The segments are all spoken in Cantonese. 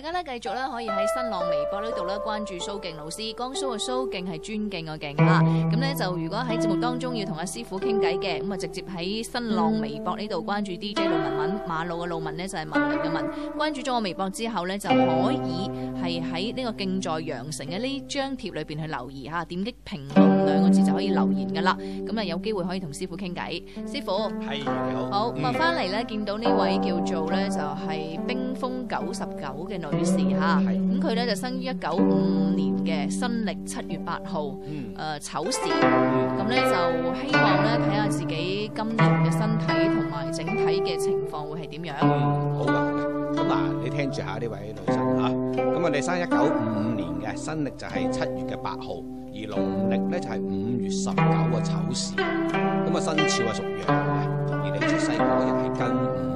大家咧，繼續咧，可以喺新浪微博呢度咧關注蘇敬老師，江蘇嘅蘇敬係尊敬個敬吓。咁咧，就如果喺節目當中要同阿師傅傾偈嘅，咁啊，直接喺新浪微博呢度關注 DJ 路文文，馬路嘅路文，咧就係文明嘅文。關注咗我微博之後咧，就可以係喺呢個敬在羊城嘅呢張帖裏邊去留意吓，點擊評論兩個字就可以留言噶啦。咁啊，有機會可以同師傅傾偈。師傅係，你好，好，咁翻嚟咧，見到呢位叫做咧就係冰封九十九嘅女士嚇，咁佢咧就生於一九五五年嘅新歷七月八號，誒、嗯呃、丑時，咁咧、嗯、就希望咧睇下自己今年嘅身體同埋整體嘅情況會係點樣。嗯、好嘅好嘅，咁啊，你聽住下呢位女士嚇，咁我哋生一九五五年嘅新曆就係七月嘅八號，而農曆咧就係、是、五月十九嘅丑時，咁啊生肖啊屬羊，嘅，而你出世嗰日係庚。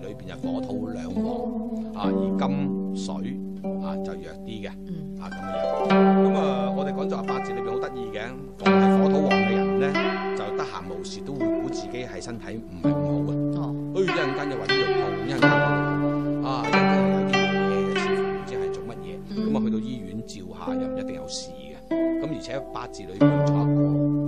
裏邊有火土兩旺啊，而金水啊就弱啲嘅、嗯、啊咁樣。咁啊，我哋講就話八字裏邊好得意嘅，講係火土旺嘅人咧，就得閒無事都會估自己係身體唔係咁好嘅。哦、啊，哎一陣間又話腰痛，一陣間又痛，啊一陣間又有啲嘢，似乎唔知係做乜嘢，咁、嗯、啊去到醫院照下又唔一定有事嘅。咁、啊、而且八字裏邊做一個。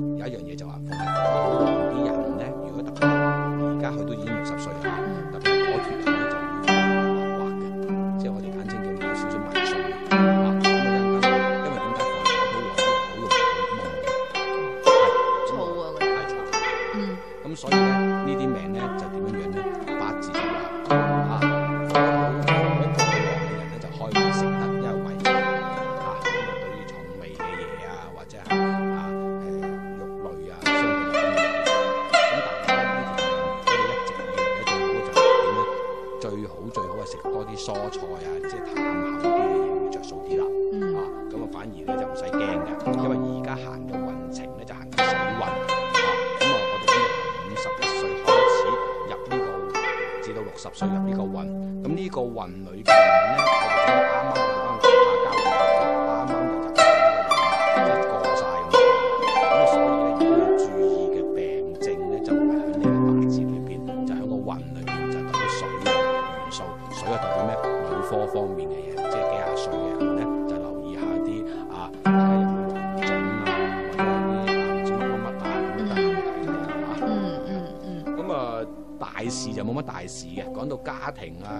多啲蔬菜啊，即係淡口啲嘢着數啲啦。啊，咁啊反而咧就唔使驚嘅，因為而家行嘅運程咧就行啲水運啊。咁啊，我哋呢度五十一歲開始入呢個，至到六十歲入呢個運。咁呢個運裏邊咧，我哋啱啱嚟到。事就冇乜大事嘅，講到家庭啊、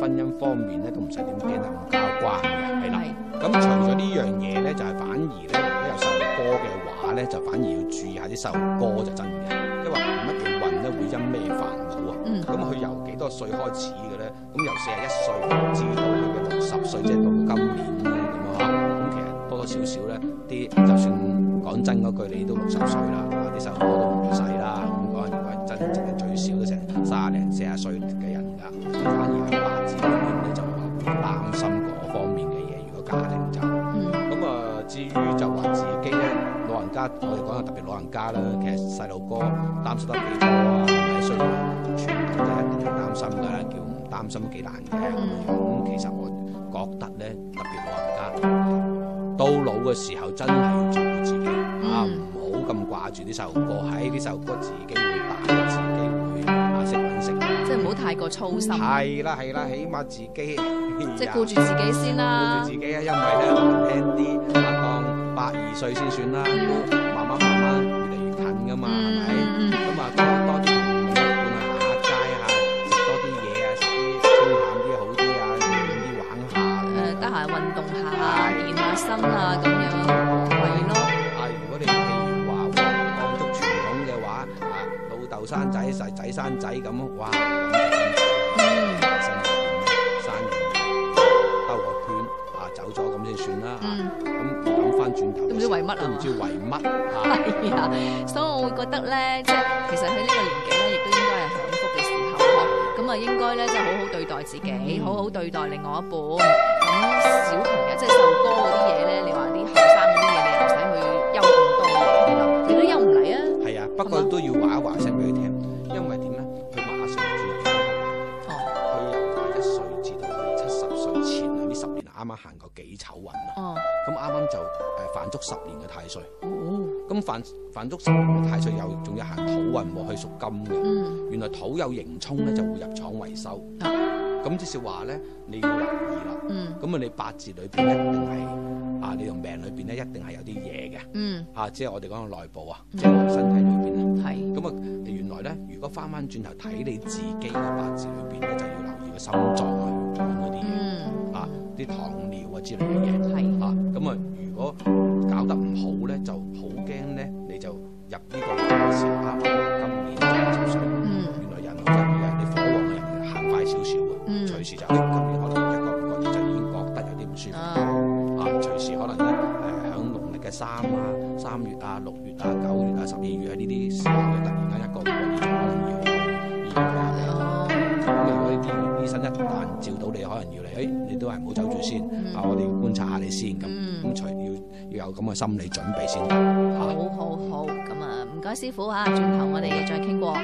婚姻方面咧，都唔使點驚得咁交關嘅，係啦。咁的除咗呢樣嘢咧，就係、是、反而咧，如果有細路哥嘅話咧，就反而要注意下啲細路哥就真嘅，因為乜嘢運咧會因咩煩惱啊？咁佢、嗯、由幾多歲開始嘅咧？咁由四十一歲至到佢嘅六十歲，即係到今年咁樣嚇。咁其實多多少少咧，啲就算講真嗰句，你都六十歲啦。反而係話自己咧就話擔心嗰方面嘅嘢，如果家庭就，咁啊、嗯、至於就話自己咧老人家，我哋講下特別老人家啦，其實細路哥擔心得幾多，多啊？係咪需要傳統都一定係擔心㗎啦，叫唔擔心都幾難嘅咁樣。咁、嗯、其實我覺得咧，特別老人家到老嘅時候真係要做自己、嗯、啊，唔好咁掛住啲細路哥喺啲細路哥自己會打個字。即係唔好太過操心。係啦係啦，起碼自己即係顧住自己先啦。顧住自己啊，因為咧難聽啲，難當百二歲先算啦。慢慢慢慢越嚟越近㗎嘛，係咪？咁啊，多多啲同另一半去行下街啊，食多啲嘢啊，食啲清淡啲好啲啊，啲玩下。誒，得閒運動下，鍛下身啊，咁樣係咯。生仔、細仔、生仔咁，哇！咁嗯，兜個圈啊，走咗咁先算啦。啊、嗯，咁諗翻轉頭，都唔知為乜都唔知為乜嚇。係啊，所以我會覺得咧，即係其實喺呢個年紀咧，亦都應該係享福嘅時候呵。咁啊，應該咧，即係好好對待自己，嗯、好好對待另外一半。咁、啊、小朋友即係受高嗰啲嘢咧，你話啲。不過都要話一話聲俾佢聽，因為點咧？佢馬上住入廠度，佢由大一歲至到佢七十歲前，呢十年，啱啱行過幾丑運啊！咁啱啱就誒犯、呃、足十年嘅太歲。咁犯犯足十年嘅太歲又仲、哦、要行土運，和去屬金嘅。原來土有盈沖咧，嗯、就會入廠維修。咁即、啊、是話咧，你要留意啦。咁啊、嗯，你八字裏邊一定係。嗯一定係有啲嘢嘅。嚇、嗯啊，即係我哋講嘅內部啊，嗯、即係我哋身體裏邊啊，咁啊是，原來咧，如果翻翻轉頭睇你自己嘅八字裏邊咧，就要留意個心臟啊、血管嗰啲嘢，嗯、啊，啲糖尿啊之類嘅嘢，啊，咁、嗯、啊，如果搞得唔好咧，就好驚咧，你就入呢個八字時候啱啱今年就潮、是、水，嗯、原來人真係啲火旺嘅人行快少少啊，隨時就三啊，三月啊，六月啊，九月啊，十二月啊，呢啲時候，佢突然間一個月就、啊啊啊啊、可能要，咁嘅話呢啲醫生一旦照到你可能要嚟，誒，你都係唔好走住先，嗯、啊，我哋要觀察下你先，咁咁、嗯、除要要有咁嘅心理準備先、嗯啊。好好好，咁啊，唔該師傅啊，轉頭我哋再傾過。